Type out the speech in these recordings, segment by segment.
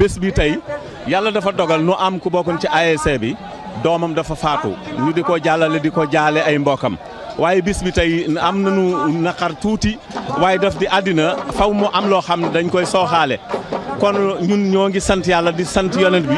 bés bi tey yàlla dafa dogal nu am ku bokkoon ci ASC bi doomam dafa faatu ñu di ko jàllale di ko jaale ay mbokkam waaye bis bi tey am nañu naqar tuuti waaye def di àddina faw mu am loo xam ne dañ koy sooxaale kon ñun ñoo ngi sant yàlla di sant yonent bi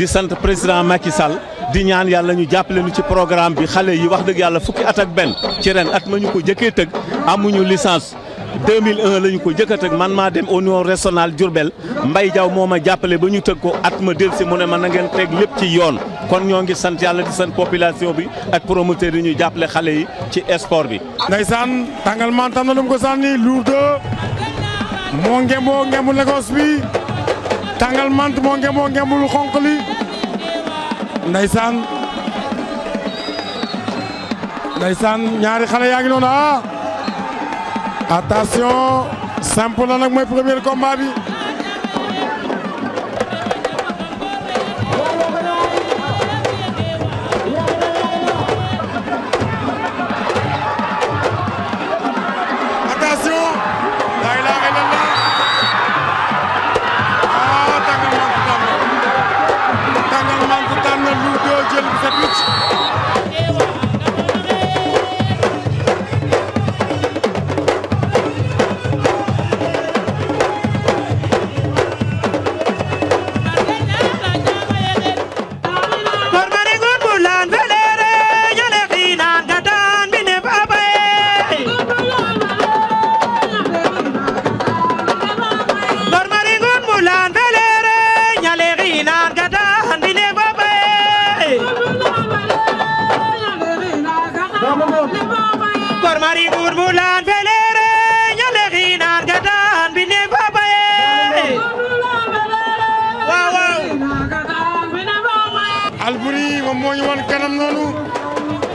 di sant président Macky Sall di ñaan yàlla ñu jàppale ñu ci programme bi xale yi wax dëgg yàlla fukki at ak benn ci ren at ma ñu ko jëkkee tëg amuñu licence 2001 la ñu ko jëkk a man maa dem union régionale Diourbel mbay jaw moo ma jàppale ba ñu tëgg ko at ma del si mu ne ma na ngeen teg lépp ci yoon kon ñoo ngi sant yàlla di sant population bi ak promoteur yi ñu jàppale xale yi ci sport bi. ndeysaan tàngal man tam na lu mu ko sànni Lourde moo ngemboo ngembu Lagos bi tàngal mant moo ngemboo ngembu lu xonq li ndeysaan ndeysaan ñaari xale yaa ngi noonu ah. attention simple na nag mooy premier combat bi.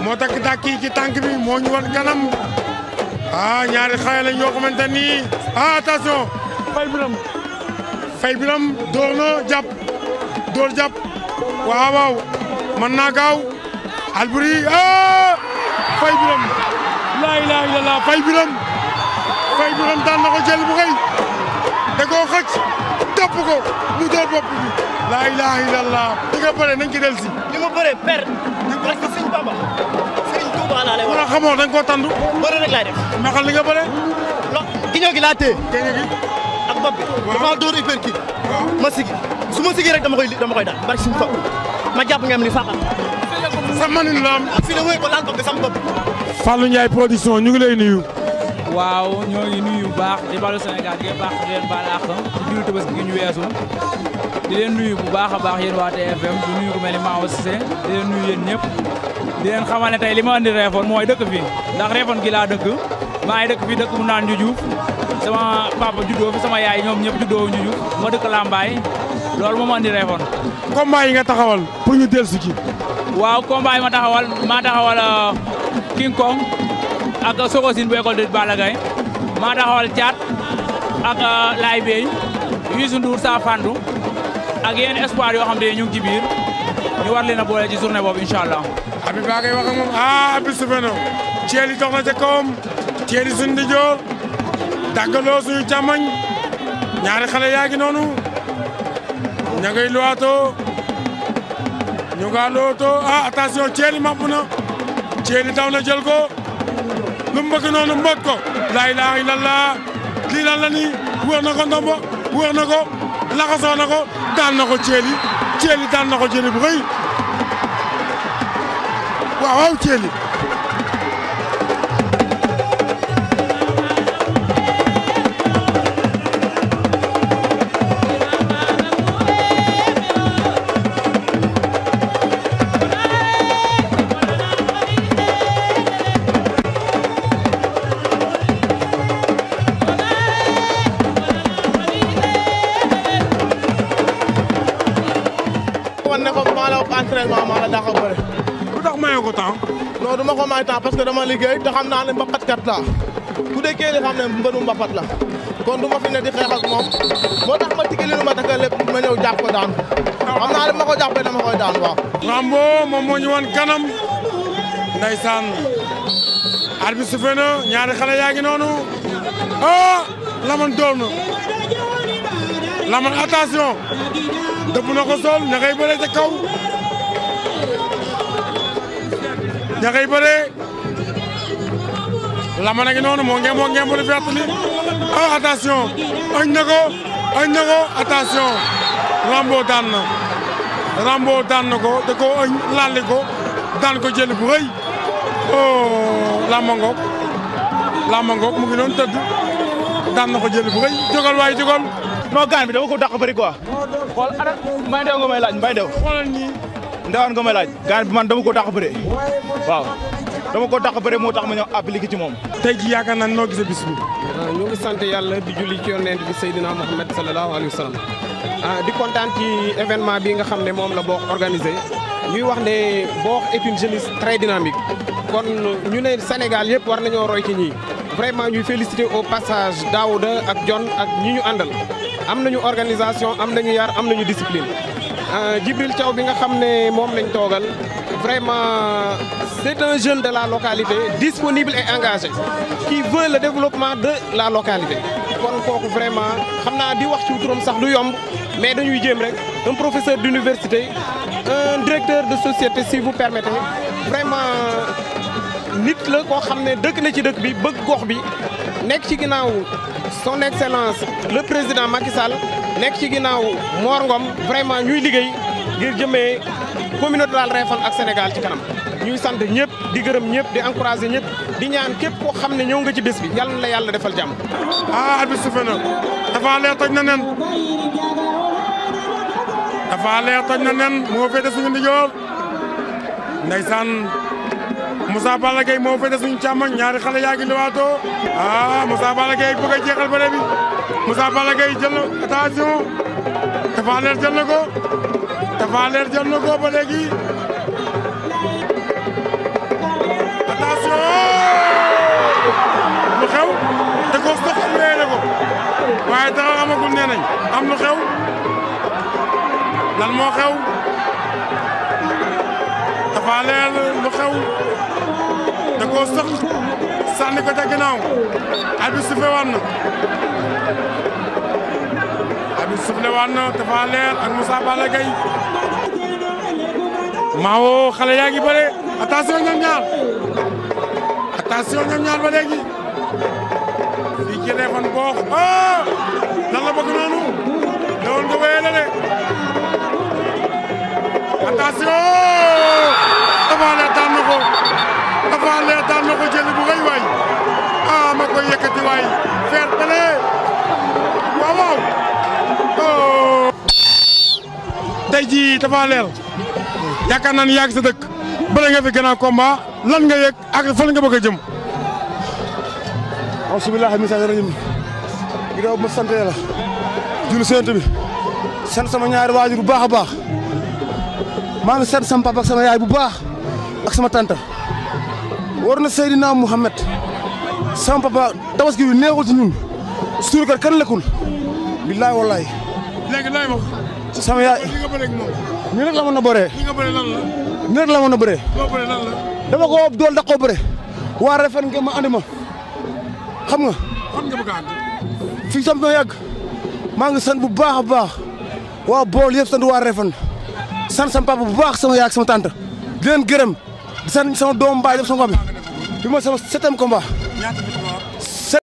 moo takk dàkki ci tànk bi moo ñu aa kanam ah ñaari xale lañ yoo xamante ni ah attention Faye Biram door na jàpp door naa gaaw Alboury ah Faye laa ilaaha illallaah Faye Biram Faye Biram daan na ko jël bu ko mu door bopp bi laa ilaaha illallaah di nga delsi di nga per Bamba Serigne Touba laa lay wax. dañ koo tàndu. bëre rek laay def. maxal li nga bëre. lo giñoo gi laa téye. géej gi ak bopp bi. waaw damaa dóor hyper kii. ma sigi su ma rek dama koy dama koy daal bari suñu fokk ma jàpp nga am ni faaxal. sax ma ni la am. ak fii la wéy ko laal bopp bi sama bopp bi. Fallou Ndiaye production ñu ngi lay nuyu. waaw ñoo ngi nuyu bu baax di baalu Sénégal gi baax di leen baal àq ci biir Tabaski gi ñu di leen nuyu bu baax a baax yéen waa TFM du nuyu ku mel ni Maodo Cissé di nuyu yéen ñëpp di leen xamal ne tey li ma andi Réfane mooy dëkk fii ndax Réfane gi laa dëkk maa ngi dëkk fii dëkk bu naan Ndioudiouf sama papa juddoo fi sama yaay ñoom ñëpp juddoo Ndioudiouf ma dëkk Lambaay loolu moom ma andi Réfane. combat yi nga taxawal pour ñu dellusi ci. waaw combat yi ma taxawal maa taxawal euh, King Kong ak Sokosine bu école de Balla Gaye maa taxawal Thiat ak euh, Laye Bey Youssou Ndour ak yenn espoir yoo xam ne ñu ngi ñu war leen a boole ci journée boobu allah. Habib Ba ngay wax ak moom ah Habib Soufène Thiel yi dox na ca kawam Thiel yi suñu ndijoor daggaloo suñu càmmoñ ñaari xale yaa noonu ña ngay ñu ngaa luwaatoo ah attention Thiel yi na Thiel yi daw na jël noonu mbot ko. laa ilaaha illallah lii lan la nii na ko ndombo wër na ko. laxasoo na ko daan na ko Thiely Thiely daan na ko jëli bu rëy waaw waaw man ne ko maa la entraînement maa la dàq a bëre. lu ko temps. non du ma ko may temps parce que dama liggéey te xam naa ne mbapatkat laa ku dëkkee li xam ne mbënu mbapat la kon du ma fi ne di xeex ak moom moo tax ma tike li nu ma takk lépp ko daan xam naa ma ko jàppee dama koy daan waaw. Rambo moom moo ñu wan kanam ndeysaan arbitre bi sifflé na ñaari xale yaa noonu ah laman doom Lamane attention dëpp na ko sol ña ngay bëree kaw ña ngay bëree moo ngi moo ngi bëri vert li na ko añ na ko attention Rambo daan na Rambo daan na ko da koo añ laali ko daan ko jël bu rëy oh, Lama Ngok Lama Ngok mu ngi noonu tëdd daan na ko jël bu rëy jógal waaye non gaan bi dama ko dàq bëri quoi. xool ana mbay ndew nga may laaj mbay ndew. ndewaan nga may laaj. gaan bi man dama ko dàq bëri waaw dama ko dàq bëri moo tax ma ñëw appliqué ci moom. tey ji yaakaar naa noo gisee bis bi. Ah, ñu ngi sant yàlla di julli ci yonent bi Seydina Muhammad sallallahu alayhi wa ah, di kontaan événement bi nga xam ne moom la boo organisé ñuy wax ne boo est une jeunesse très dynamique kon ñu ne Sénégal yëpp war nañoo roy ci ñii vraiment ñuy féliciter au passage Daouda ak John ak ñi ñu àndal am nañu organisation am nañu yar am nañu discipline euh, Djibril Thiaw bi nga xam ne moom lañ toogal vraiment c'est un jeune de la localité disponible et engagé qui veut le développement de la localité kon kooku vraiment xam naa di wax ci turam sax du yomb mais dañuy jéem rek un professeur d'université un directeur de société si vous permettez vraiment nit la koo xam ne dëkk na ci dëkk bi bëgg gox bi nekk ci ginnaawu son excellence le président Macky Sall nekk ci ginnaawu Mor Ngom vraiment ñuy liggéey ngir jëmee communauté rurale Refane ak Sénégal ci kanam. ñuy sant ñëpp di gërëm ñëpp di encouragé ñëpp di ñaan képp koo xam ne ñëw nga ci bés bi yàlla la yàlla defal jàmm. ah at na dafa leer toj na nen dafa leer toj na nen moo féete suñu ndijoor ndeysaan Moussa Balla Gaye moo fete suñu càmmoñ ñaari xale yaa ngi liwaatoo ah Moussa Balla Gaye a jeexal bëre bi Moussa Balla Gaye jël na attention Tapha Leer jël na ko Tapha Leer jël na ko ba waaye dara amagul nee am lu xew lan sëq ko ca abi sufle waan abi sufle waan na ak Moussa Balla Gaye Maawo xale yaa ngi bëre attention ñoom ñaar ñaar ba léegi fii ci Réfane boo ah oh! lan noonu loolu nga wéyee la de attention Tapha Leer daan na ko. avant leer daan na ko bu rëy waay ah ma koy yëkkati waay fair play waaw waaw oh. tey jii dafa leer yaakaar naa ni yàgg sa dëkk bële nga fi gànnaaw combat lan nga yëg ak fan nga bëgg a jëm. waaw subi laa xam ne saa yore ginnaaw ma sant yàlla julli sant bi sant sama ñaari waajur bu baax a baax maa ngi sant sama papa sama yaay bu baax ak sama tante. war na Seydina Mouhamed sama papa tabaski bi neexul ci ñun suukar kan lekkul billaay wallaay. léegi lay wax. sama yaay li nii rek la mën a nii rek la mën a dama ko dool da koo waa refen nga ma andi ma xam nga. fan nga fii sama ma yàgg maa ngi sant bu baax a baax waa bool yëpp sant waa refen sant sama papa bu baax sama yaay ak sama tante di leen gërëm di sant sama doom mbaay yëpp sama famille. bi ma sama septième combat.